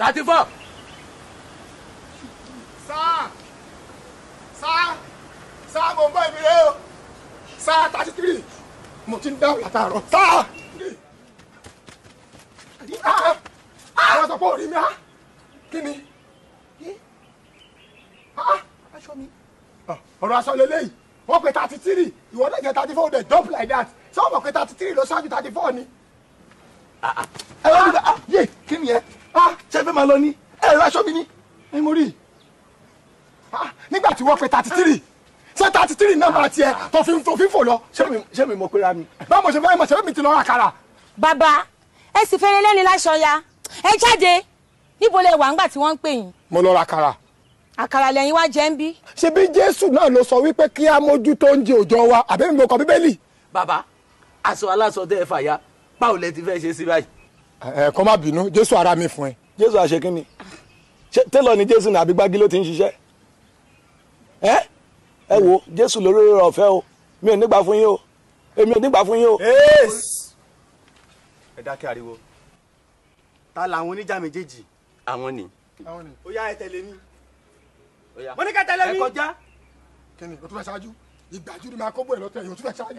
thirty four. sáà sáà sáà mo ń bọ̀ ìbílẹ̀ o sáà thirty three mo ti ń dáhùn látàárọ̀ sáà àwọn sọ pé orí mi á kí ni aṣọ mi ah. ọ̀rọ̀ aṣọ lélẹ́yìí wọ́n pe thirty three ìwọ náà jẹ́ thirty four dey dump like that sọ́wọ́n pe thirty three lọ ṣáájú thirty four ni. Ah, ah. ẹ wá ní bá yé máa lọ ní ẹ̀rọ aṣọ mi ní ẹ̀ mo rí ah, nígbà tí wọ́n pe thirty three ṣé thirty three nọ́mbà tiẹ̀ tó fi tó fi fò lọ ṣé mi mọ̀ pé ra mi báwo ṣe fẹ́ mọ̀ ṣe mi ti lọ àkàrà. bàbá ẹ sì fẹ́rẹ̀ lẹ́ni láṣọ ya ẹ jáde níbo lẹ wà ńgbà tí wọ́n ń pè yín. mo lọ ra àkàrà. àkàrà lẹ́yìn wá jẹ́ ń bí. ṣebí jésù náà ló sọ wípé kí á mójútó oúnjẹ òòjọ́ wa àbẹ́mi mo kọ bíbélì. bàbá aṣọ aláṣọ tẹ́ ẹ fàya báwo lẹ ti fẹ́ ṣe sí báyìí. ẹ kọ́ má bínú jésù ara mi fún ẹ jésù àṣekínni ṣé télọ̀ ni jésù ní àbígbági ló ti ń ṣiṣẹ́ ẹ ẹ wo jésù lórí rẹ ọ̀fẹ́ o mi ò nígbà fún yín o èmi ò nígbà fún yín o. ẹ dákẹ́ ariwo ta làwọn oníjà méjèèjì. àwọn ni. ó yá ẹ tẹ̀lé mi mo ní ká tẹ̀lé mi. ẹ kọjá. kí ni o tún fẹ́ ṣáájú ìgbàjú ni màá kó bóyá lọ́tọ̀ yìí o tún fẹ́ ṣáájú.